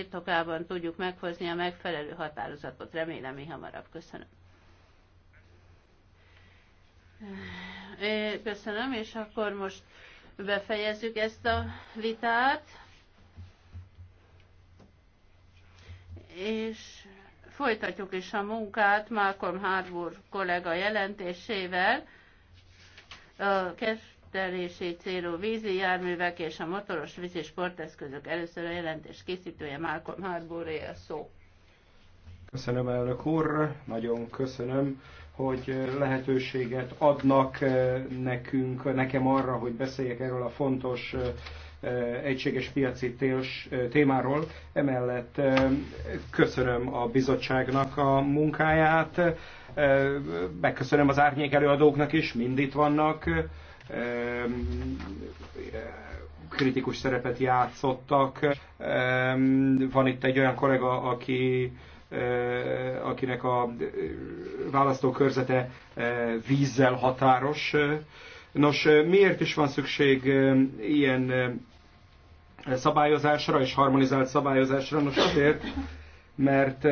birtokában tudjuk meghozni a megfelelő határozatot. Remélem, mi hamarabb. Köszönöm. Köszönöm, és akkor most befejezzük ezt a vitát. És folytatjuk is a munkát Malcolm Harbour kollega jelentésével. A követelését célú vízi járművek és a motoros vízi sporteszközök. Először a jelentés készítője Malcolm Harbouré a szó. Köszönöm, elnök úr, nagyon köszönöm, hogy lehetőséget adnak eh, nekünk, nekem arra, hogy beszéljek erről a fontos eh, eh, egységes piaci témáról. Emellett köszönöm a bizottságnak a munkáját, megköszönöm az árnyék előadóknak is, mind itt vannak kritikus szerepet játszottak. Van itt egy olyan kollega, aki e, akinek a választókörzete e, vízzel határos. Nos, miért is van szükség e, ilyen szabályozásra és harmonizált szabályozásra? Nos, azért, mert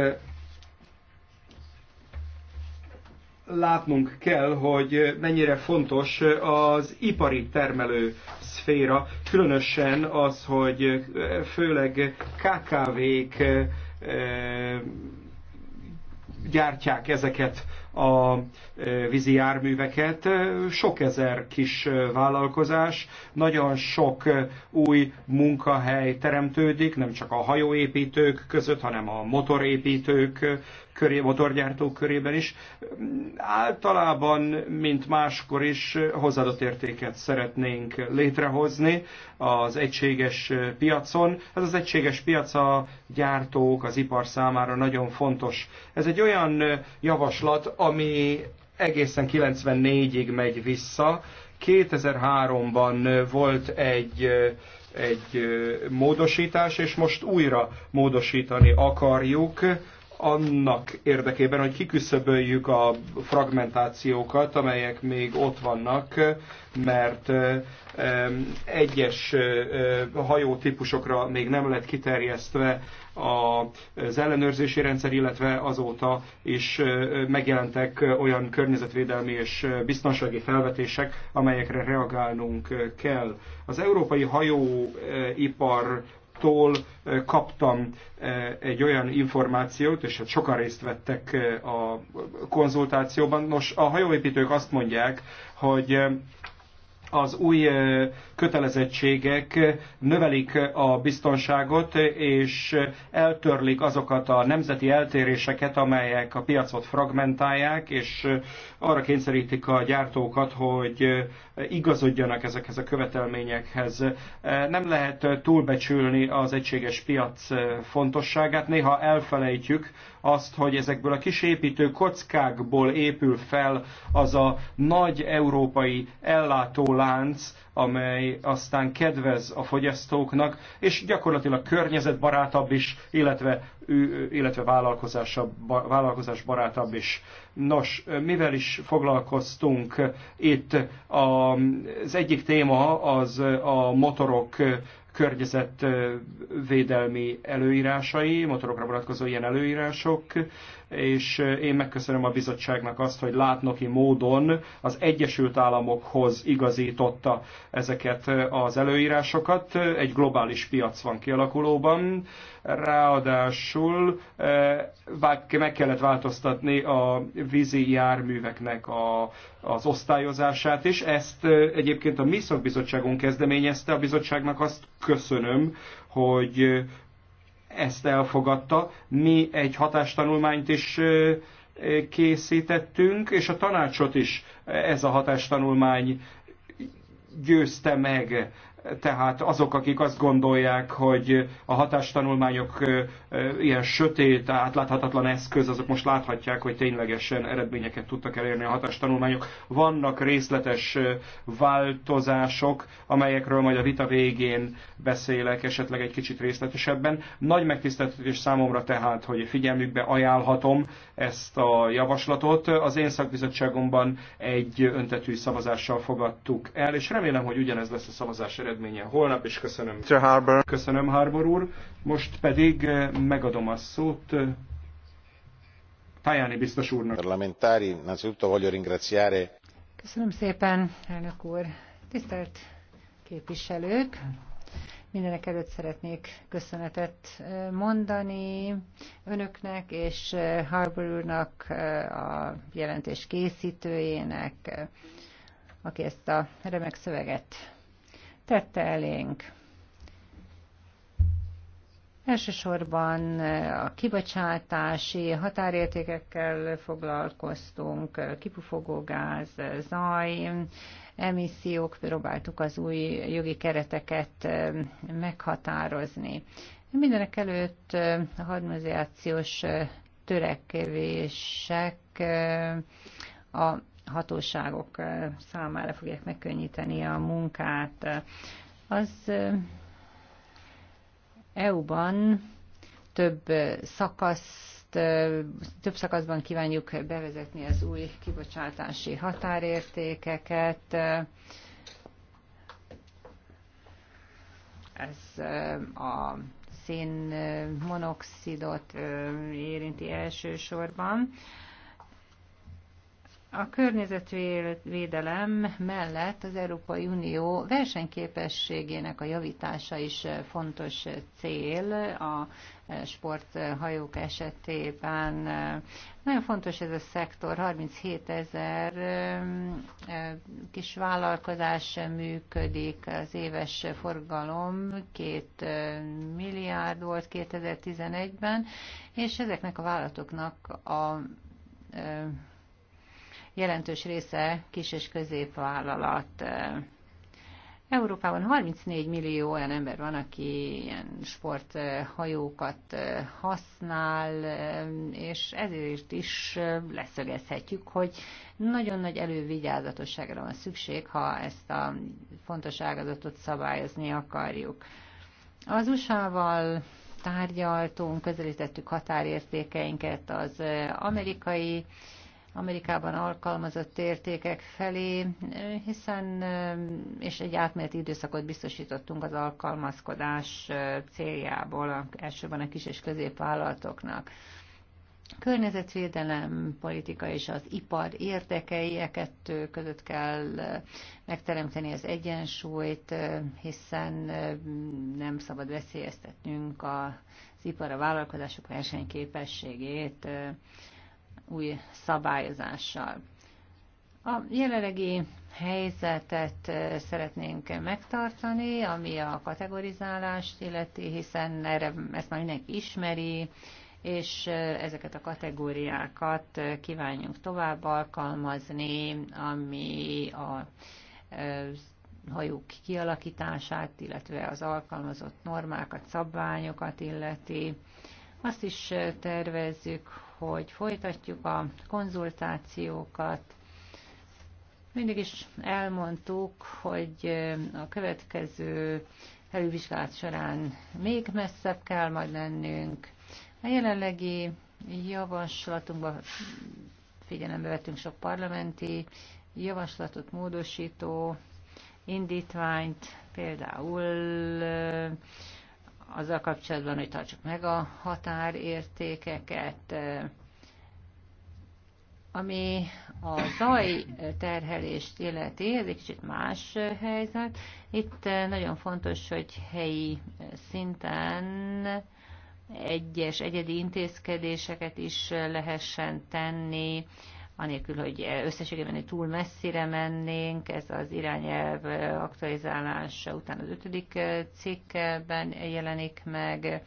látnunk kell, hogy mennyire fontos az ipari termelő szféra, különösen az, hogy főleg KKV-k eh, gyártják ezeket a vízi járműveket. Sok ezer kis vállalkozás, nagyon sok új munkahely teremtődik, nem csak a hajóépítők között, hanem a motorépítők köré, motorgyártók körében is. Általában, mint máskor is, hozzáadott értéket szeretnénk létrehozni az egységes piacon. Ez az egységes piac a gyártók, az ipar számára nagyon fontos. Ez egy olyan javaslat, ami egészen 94-ig megy vissza. 2003-ban volt egy, egy módosítás, és most újra módosítani akarjuk annak érdekében, hogy kiküszöböljük a fragmentációkat, amelyek még ott vannak, mert egyes hajótípusokra még nem lett kiterjesztve az ellenőrzési rendszer, illetve azóta is megjelentek olyan környezetvédelmi és biztonsági felvetések, amelyekre reagálnunk kell. Az európai hajóipar tól kaptam egy olyan információt, és hát sokan részt vettek a konzultációban. Nos, a hajóépítők azt mondják, hogy az új kötelezettségek növelik a biztonságot, és eltörlik azokat a nemzeti eltéréseket, amelyek a piacot fragmentálják, és arra kényszerítik a gyártókat, hogy igazodjanak ezekhez a követelményekhez. Nem lehet túlbecsülni az egységes piac fontosságát, néha elfelejtjük, azt, hogy ezekből a kis építő kockákból épül fel az a nagy európai ellátólánc, amely aztán kedvez a fogyasztóknak, és gyakorlatilag környezetbarátabb is, illetve, illetve vállalkozásbarátabb is. Nos, mivel is foglalkoztunk itt, az egyik téma az a motorok környezetvédelmi előírásai, motorokra vonatkozó ilyen előírások, és én megköszönöm a bizottságnak azt, hogy látnoki módon az Egyesült Államokhoz igazította ezeket az előírásokat. Egy globális piac van kialakulóban, ráadásul meg kellett változtatni a vízi járműveknek a, az osztályozását is. Ezt egyébként a mi szakbizottságunk kezdeményezte, a bizottságnak azt köszönöm, hogy ezt elfogadta. Mi egy hatástanulmányt is készítettünk, és a tanácsot is ez a hatástanulmány győzte meg tehát azok, akik azt gondolják, hogy a hatástanulmányok ilyen sötét, átláthatatlan eszköz, azok most láthatják, hogy ténylegesen eredményeket tudtak elérni a hatástanulmányok. Vannak részletes változások, amelyekről majd a vita végén beszélek, esetleg egy kicsit részletesebben. Nagy megtiszteltetés számomra tehát, hogy figyelmükbe ajánlhatom ezt a javaslatot. Az én szakbizottságomban egy öntetű szavazással fogadtuk el, és remélem, hogy ugyanez lesz a szavazás eredmény eredménye holnap, is köszönöm. Harbour. Köszönöm, Harbour úr. Most pedig eh, megadom a szót eh, Tajani biztos úrnak. Parlamentári, innanzitutto voglio ringraziare. Köszönöm szépen, elnök úr. Tisztelt képviselők, Mindenek előtt szeretnék köszönetet eh, mondani önöknek és Harbour úrnak, a jelentés készítőjének, aki ezt a remek szöveget tette elénk. Elsősorban a kibocsátási határértékekkel foglalkoztunk, kipufogógáz, zaj, emissziók, próbáltuk az új jogi kereteket meghatározni. Mindenek előtt a harmonizációs törekvések a hatóságok számára fogják megkönnyíteni a munkát. Az EU-ban több szakasz több szakaszban kívánjuk bevezetni az új kibocsátási határértékeket. Ez a szénmonoxidot érinti elsősorban. A környezetvédelem mellett az Európai Unió versenyképességének a javítása is fontos cél a sporthajók esetében. Nagyon fontos ez a szektor, 37 ezer kis vállalkozás működik, az éves forgalom 2 milliárd volt 2011-ben, és ezeknek a vállalatoknak a jelentős része kis- és középvállalat. Európában 34 millió olyan ember van, aki ilyen sporthajókat használ, és ezért is leszögezhetjük, hogy nagyon nagy elővigyázatosságra van szükség, ha ezt a fontos ágazatot szabályozni akarjuk. Az USA-val tárgyaltunk, közelítettük határértékeinket az amerikai Amerikában alkalmazott értékek felé, hiszen és egy átmeneti időszakot biztosítottunk az alkalmazkodás céljából, elsőben a kis és középvállalatoknak környezetvédelem, politika és az ipar érdekei, e kettő között kell megteremteni az egyensúlyt, hiszen nem szabad veszélyeztetnünk az ipar a vállalkozások versenyképességét új szabályozással. A jelenlegi helyzetet eh, szeretnénk megtartani, ami a kategorizálást illeti, hiszen erre ezt már mindenki ismeri, és eh, ezeket a kategóriákat eh, kívánjunk tovább alkalmazni, ami a hajók kialakítását, illetve az alkalmazott normákat, szabványokat illeti. Azt is tervezzük, hogy folytatjuk a konzultációkat. Mindig is elmondtuk, hogy a következő elővizsgálat során még messzebb kell majd lennünk. A jelenlegi javaslatunkban figyelembe vettünk sok parlamenti javaslatot, módosító indítványt, például azzal kapcsolatban, hogy tartsuk meg a határértékeket, ami a zaj terhelést illeti, ez egy kicsit más helyzet. Itt nagyon fontos, hogy helyi szinten egyes egyedi intézkedéseket is lehessen tenni, anélkül, hogy összességében túl messzire mennénk, ez az irányelv aktualizálása után az ötödik cikkben jelenik meg.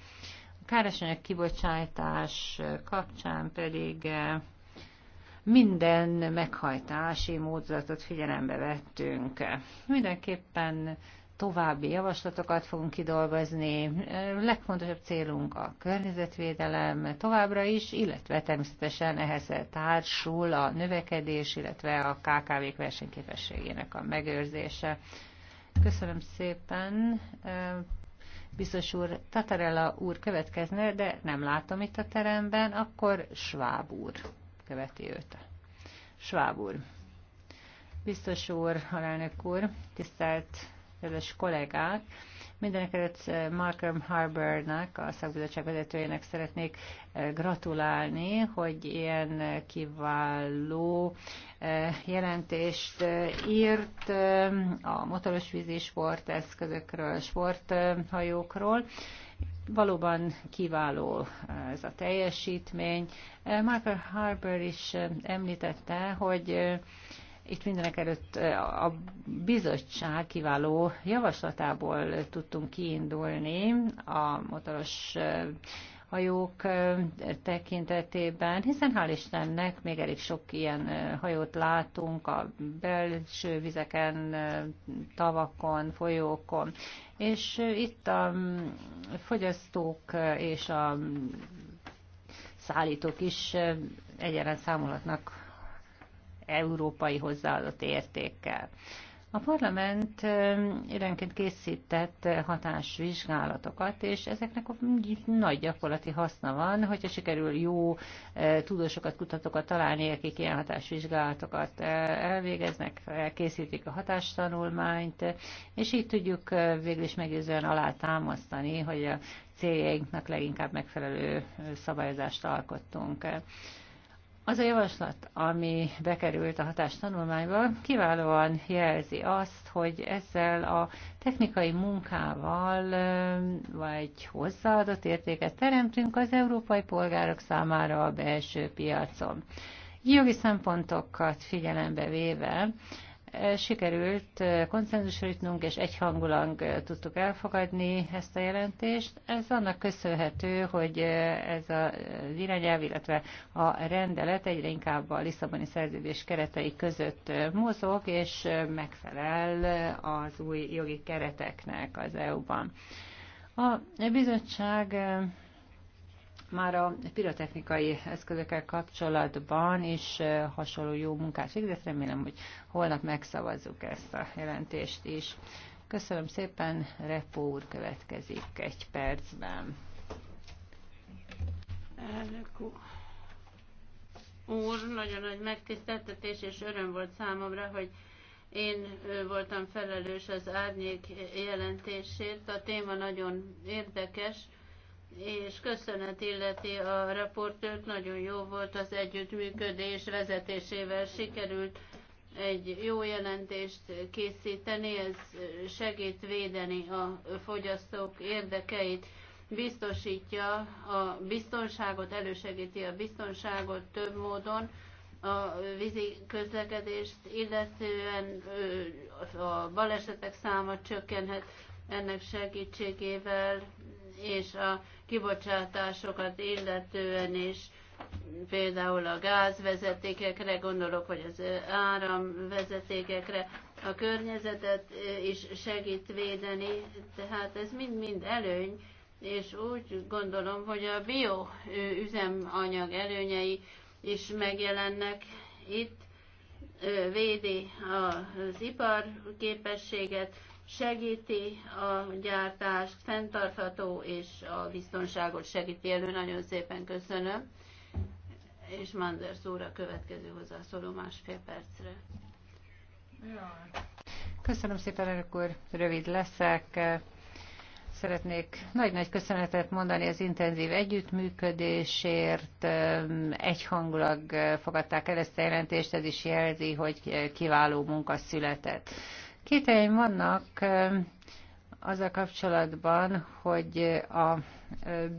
A károsanyag kibocsátás kapcsán pedig minden meghajtási módzatot figyelembe vettünk. Mindenképpen további javaslatokat fogunk kidolgozni. Legfontosabb célunk a környezetvédelem továbbra is, illetve természetesen ehhez társul a növekedés, illetve a KKV-k versenyképességének a megőrzése. Köszönöm szépen. Biztos úr, Tatarella úr következne, de nem látom itt a teremben, akkor Schwab úr követi őt. Schwab úr. Biztos úr, halálnök úr, tisztelt kedves kollégák! Mindenek előtt eh, Malcolm Harbournak, a szakbizottság vezetőjének szeretnék eh, gratulálni, hogy ilyen eh, kiváló jelentést írt a motoros vízi sporteszközökről, sporthajókról. Valóban kiváló ez a teljesítmény. Michael Harbour is említette, hogy itt mindenek előtt eh, a bizottság kiváló javaslatából tudtunk kiindulni a motoros eh, hajók eh, tekintetében, hiszen hál' Istennek még elég sok ilyen hajót látunk a belső vizeken, tavakon, folyókon, és itt a mm, fogyasztók és a mm, szállítók is egyaránt számolhatnak európai hozzáadott értékkel. A parlament időnként készített hatásvizsgálatokat, és ezeknek nagy gyakorlati haszna van, hogyha sikerül jó tudósokat, kutatókat találni, akik ilyen hatásvizsgálatokat elvégeznek, készítik a hatástanulmányt, és így tudjuk végül is meggyőzően alátámasztani, hogy a céljainknak leginkább megfelelő szabályozást alkottunk. Az a javaslat, ami bekerült a tanulmányba, kiválóan jelzi azt, hogy ezzel a technikai munkával vagy hozzáadott értéket teremtünk az európai polgárok számára a belső piacon. Jogi szempontokat figyelembe véve sikerült eh, konszenzusra jutnunk, és egyhangulag eh, tudtuk elfogadni ezt a jelentést. Ez annak köszönhető, hogy eh, ez az irányelv, illetve a rendelet egyre inkább a Lisszaboni szerződés keretei között mozog, és megfelel az új jogi kereteknek az EU-ban. A bizottság már a pirotechnikai eszközökkel kapcsolatban is hasonló jó munkát végzett. Remélem, hogy holnap megszavazzuk ezt a jelentést is. Köszönöm szépen, Repó úr következik egy percben. Elnök úr. nagyon nagy megtiszteltetés és öröm volt számomra, hogy én voltam felelős az árnyék jelentésért. A téma nagyon érdekes és köszönet illeti a raportőrt, nagyon jó volt az együttműködés vezetésével, sikerült egy jó jelentést készíteni, ez segít védeni a fogyasztók érdekeit, biztosítja a biztonságot, elősegíti a biztonságot több módon, a vízi közlekedést, illetően a balesetek száma csökkenhet ennek segítségével, és a kibocsátásokat illetően is, például a gázvezetékekre, gondolok, vagy az áramvezetékekre, a környezetet is segít védeni, tehát ez mind-mind előny, és úgy gondolom, hogy a bio üzemanyag előnyei is megjelennek itt, védi az ipar képességet, segíti a gyártást, fenntartható és a biztonságot segíti elő. Nagyon szépen köszönöm. És Manders úr a következő hozzászóló másfél percre. Köszönöm szépen, elnök úr. Rövid leszek. Szeretnék nagy-nagy köszönetet mondani az intenzív együttműködésért. Egyhangulag fogadták el ezt a jelentést, ez is jelzi, hogy kiváló munka született. Kételjeim vannak a kapcsolatban, hogy a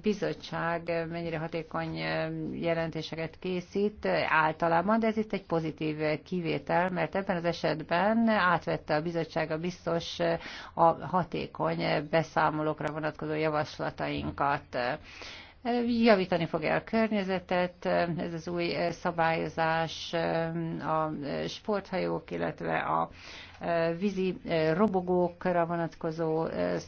bizottság mennyire hatékony jelentéseket készít általában, de ez itt egy pozitív kivétel, mert ebben az esetben átvette a bizottság a biztos a hatékony beszámolókra vonatkozó javaslatainkat. Javítani fogja a környezetet, ez az új szabályozás a sporthajók, illetve a vízi robogókra vonatkozó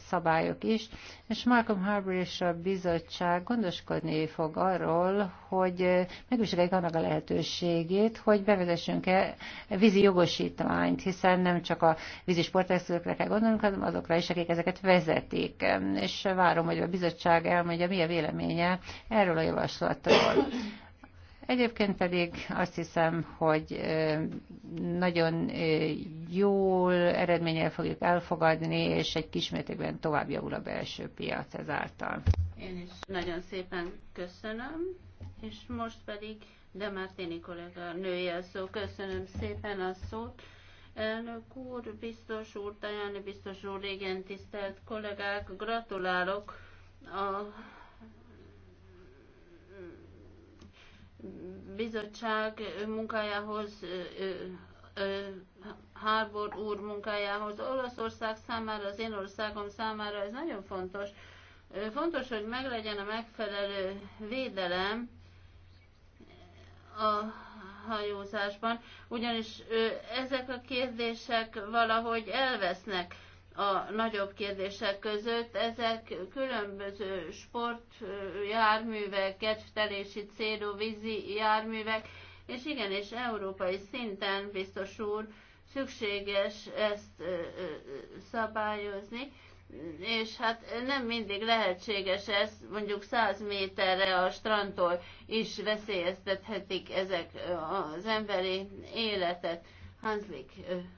szabályok is, és Malcolm Harbour és a bizottság gondoskodni fog arról, hogy megvizsgáljuk annak a lehetőségét, hogy bevezessünk-e vízi jogosítványt, hiszen nem csak a vízi sporteszközökre kell gondolnunk, hanem azokra is, akik ezeket vezetik. És várom, hogy a bizottság elmondja, mi a véleménye erről a javaslatról. Egyébként pedig azt hiszem, hogy nagyon jól eredménnyel fogjuk elfogadni, és egy kismértékben tovább javul a belső piac ezáltal. Én is nagyon szépen köszönöm, és most pedig de Martini kollega nője a szó. Köszönöm szépen a szót. Elnök úr, biztos úr, Tajani biztos úr, régen tisztelt kollégák, gratulálok a bizottság munkájához, Harbour úr munkájához, Olaszország számára, az én országom számára ez nagyon fontos. Fontos, hogy meglegyen a megfelelő védelem a hajózásban, ugyanis ezek a kérdések valahogy elvesznek a nagyobb kérdések között. Ezek különböző sportjárművek, kedvtelési célú vízi járművek, és igenis európai szinten biztos úr szükséges ezt szabályozni, és hát nem mindig lehetséges ez, mondjuk 100 méterre a strandtól is veszélyeztethetik ezek az emberi életet. Hanslik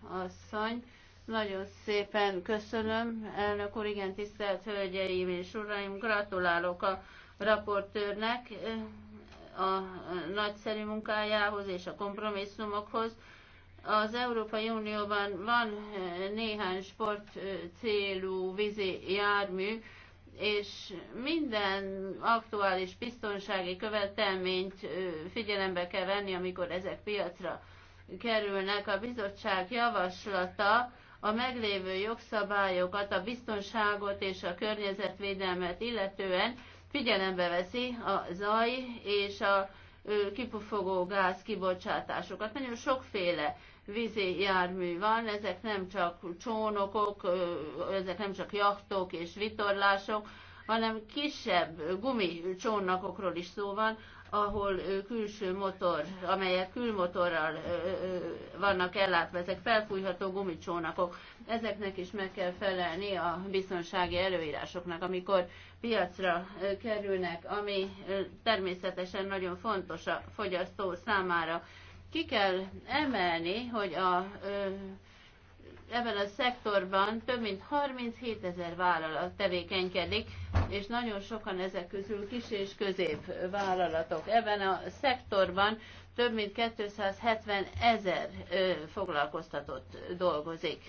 asszony. Nagyon szépen köszönöm, elnök úr, igen, tisztelt hölgyeim és uraim, gratulálok a raportőrnek eh, a nagyszerű munkájához és a kompromisszumokhoz. Az Európai Unióban van eh, néhány sport eh, célú vízi jármű, és minden aktuális biztonsági követelményt figyelembe kell venni, amikor ezek piacra kerülnek. A bizottság javaslata a meglévő jogszabályokat, a biztonságot és a környezetvédelmet illetően figyelembe veszi a zaj és a kipufogó gáz kibocsátásokat. Nagyon sokféle vízi jármű van, ezek nem csak csónokok, ezek nem csak jachtok és vitorlások, hanem kisebb gumicsónakokról is szó van, ahol külső motor, amelyek külmotorral vannak ellátva, ezek felfújható gumicsónakok, ezeknek is meg kell felelni a biztonsági előírásoknak, amikor piacra kerülnek, ami természetesen nagyon fontos a fogyasztó számára. Ki kell emelni, hogy a ebben a szektorban több mint 37 ezer vállalat tevékenykedik, és nagyon sokan ezek közül kis és közép vállalatok. Ebben a szektorban több mint 270 ezer foglalkoztatott dolgozik.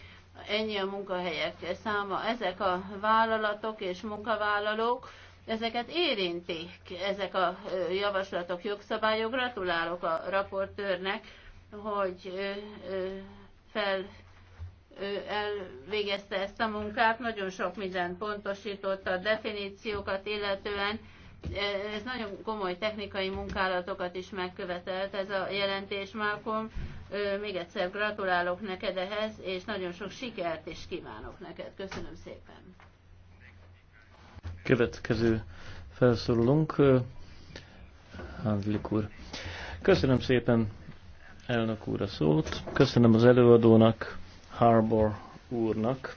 Ennyi a munkahelyek száma. Ezek a vállalatok és munkavállalók, ezeket érintik ezek a javaslatok, jogszabályok. Gratulálok a raportőrnek, hogy fel elvégezte ezt a munkát, nagyon sok mindent pontosította, a definíciókat illetően, ez nagyon komoly technikai munkálatokat is megkövetelt ez a jelentés, Malcolm. Még egyszer gratulálok neked ehhez, és nagyon sok sikert is kívánok neked. Köszönöm szépen. Következő felszólalunk, Hanzlik úr. Köszönöm szépen, elnök úr a szót. Köszönöm az előadónak Harbour úrnak,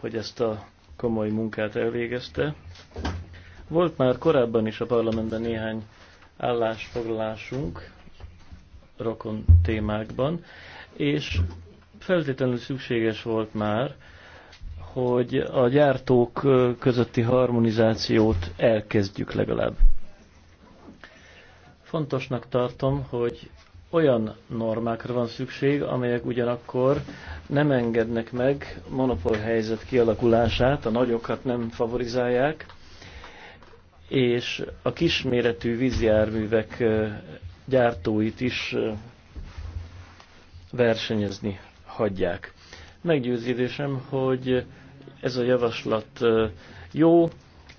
hogy ezt a komoly munkát elvégezte. Volt már korábban is a parlamentben néhány állásfoglalásunk rokon témákban, és feltétlenül szükséges volt már, hogy a gyártók közötti harmonizációt elkezdjük legalább. Fontosnak tartom, hogy olyan normákra van szükség, amelyek ugyanakkor nem engednek meg helyzet kialakulását, a nagyokat nem favorizálják, és a kisméretű vízjárművek gyártóit is versenyezni hagyják. Meggyőződésem, hogy ez a javaslat jó,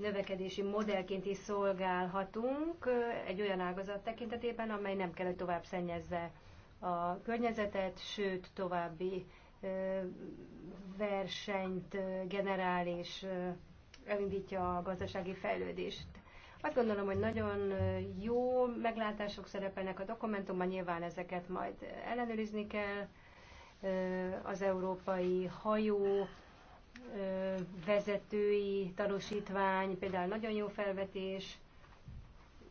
növekedési modellként is szolgálhatunk egy olyan ágazat tekintetében, amely nem kell, hogy tovább szennyezze a környezetet, sőt további versenyt generál és elindítja a gazdasági fejlődést. Azt gondolom, hogy nagyon jó meglátások szerepelnek a dokumentumban, nyilván ezeket majd ellenőrizni kell. Az európai hajó vezetői tanúsítvány, például nagyon jó felvetés.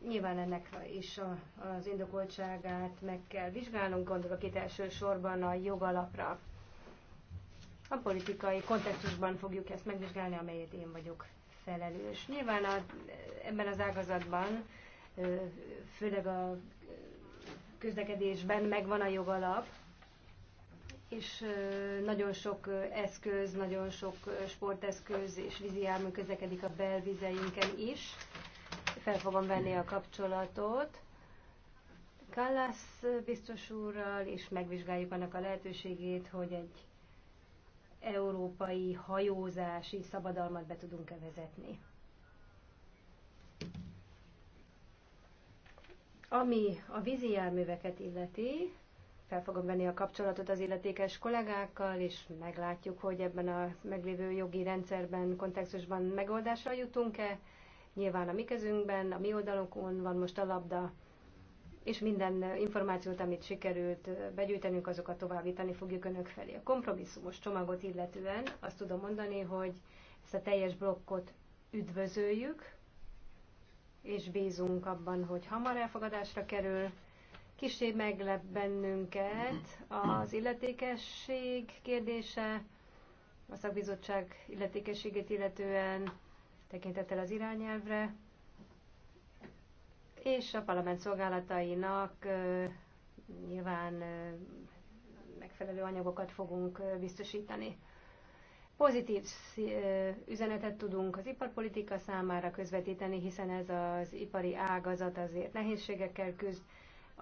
Nyilván ennek is a, az indokoltságát meg kell vizsgálnunk, gondolok itt elsősorban a jogalapra. A politikai kontextusban fogjuk ezt megvizsgálni, amelyet én vagyok felelős. Nyilván a, ebben az ágazatban, főleg a közlekedésben megvan a jogalap, és nagyon sok eszköz, nagyon sok sporteszköz és jármű közlekedik a belvizeinken is. Fel fogom venni a kapcsolatot Kallász biztos úrral, és megvizsgáljuk annak a lehetőségét, hogy egy európai hajózási szabadalmat be tudunk-e vezetni. Ami a vízi járműveket illeti, fel fogom venni a kapcsolatot az illetékes kollégákkal, és meglátjuk, hogy ebben a meglévő jogi rendszerben, kontextusban megoldásra jutunk-e. Nyilván a mi kezünkben, a mi oldalunkon van most a labda, és minden információt, amit sikerült begyűjtenünk, azokat továbbítani fogjuk önök felé. A kompromisszumos csomagot illetően azt tudom mondani, hogy ezt a teljes blokkot üdvözöljük, és bízunk abban, hogy hamar elfogadásra kerül Kisé meglep bennünket az illetékesség kérdése, a szakbizottság illetékességét illetően tekintettel az irányelvre, és a parlament szolgálatainak nyilván megfelelő anyagokat fogunk biztosítani. Pozitív üzenetet tudunk az iparpolitika számára közvetíteni, hiszen ez az ipari ágazat azért nehézségekkel küzd,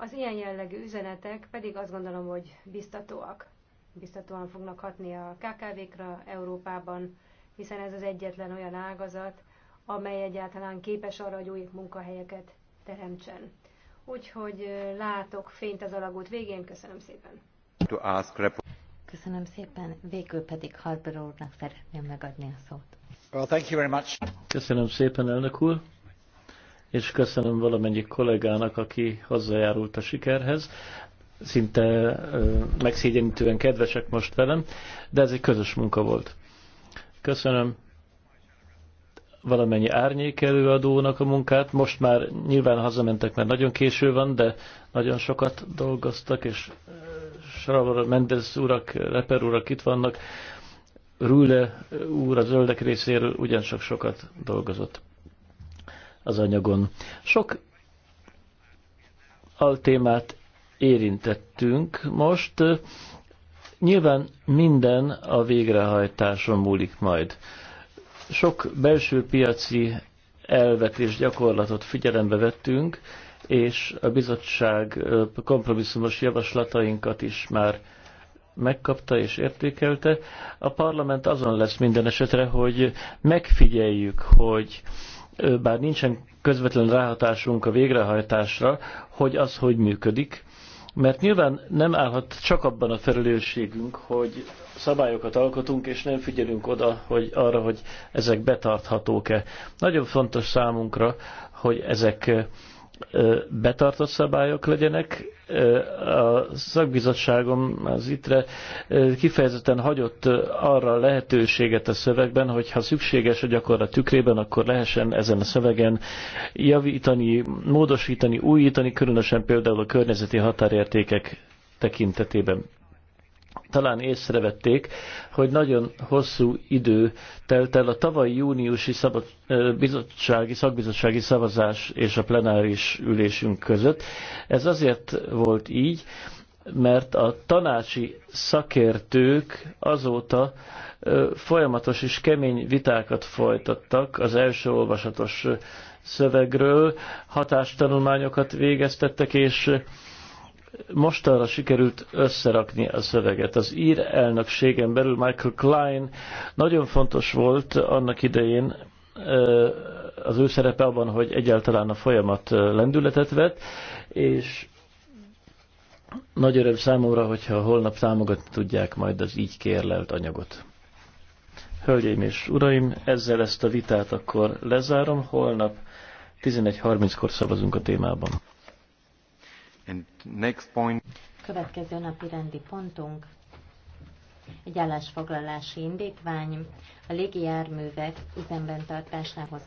az ilyen jellegű üzenetek pedig azt gondolom, hogy biztatóak. Biztatóan fognak hatni a KKV-kra Európában, hiszen ez az egyetlen olyan ágazat, amely egyáltalán képes arra, hogy új munkahelyeket teremtsen. Úgyhogy látok fényt az alagút végén. Köszönöm szépen. Köszönöm szépen. Végül pedig Harper úrnak szeretném megadni a szót. Well, thank you very much. Köszönöm szépen, elnök úr és köszönöm valamennyi kollégának, aki hozzájárult a sikerhez. Szinte megszégyenítően kedvesek most velem, de ez egy közös munka volt. Köszönöm valamennyi árnyék előadónak a munkát. Most már nyilván hazamentek, mert nagyon késő van, de nagyon sokat dolgoztak, és Sarabara Mendez urak, Reper urak itt vannak. Rüle úr a zöldek részéről ugyancsak sokat dolgozott az anyagon. Sok altémát érintettünk most. Nyilván minden a végrehajtáson múlik majd. Sok belső piaci elvet és gyakorlatot figyelembe vettünk, és a bizottság kompromisszumos javaslatainkat is már megkapta és értékelte. A parlament azon lesz minden esetre, hogy megfigyeljük, hogy bár nincsen közvetlen ráhatásunk a végrehajtásra, hogy az hogy működik, mert nyilván nem állhat csak abban a felelősségünk, hogy szabályokat alkotunk, és nem figyelünk oda hogy arra, hogy ezek betarthatók-e. Nagyon fontos számunkra, hogy ezek betartott szabályok legyenek. A szakbizottságom az ittre kifejezetten hagyott arra a lehetőséget a szövegben, hogy ha szükséges a gyakorlat tükrében, akkor lehessen ezen a szövegen javítani, módosítani, újítani, különösen például a környezeti határértékek tekintetében talán észrevették, hogy nagyon hosszú idő telt el a tavaly júniusi szabad, bizottsági, szakbizottsági szavazás és a plenáris ülésünk között. Ez azért volt így, mert a tanácsi szakértők azóta folyamatos és kemény vitákat folytattak az első olvasatos szövegről, hatástanulmányokat végeztettek, és mostanra sikerült összerakni a szöveget. Az ír elnökségen belül Michael Klein nagyon fontos volt annak idején az ő szerepe abban, hogy egyáltalán a folyamat lendületet vett, és nagy öröm számomra, hogyha holnap támogatni tudják majd az így kérlelt anyagot. Hölgyeim és uraim, ezzel ezt a vitát akkor lezárom, holnap 11.30-kor szavazunk a témában. Következő napi rendi pontunk egy állásfoglalási indítvány a légi járművek üzemben tartásához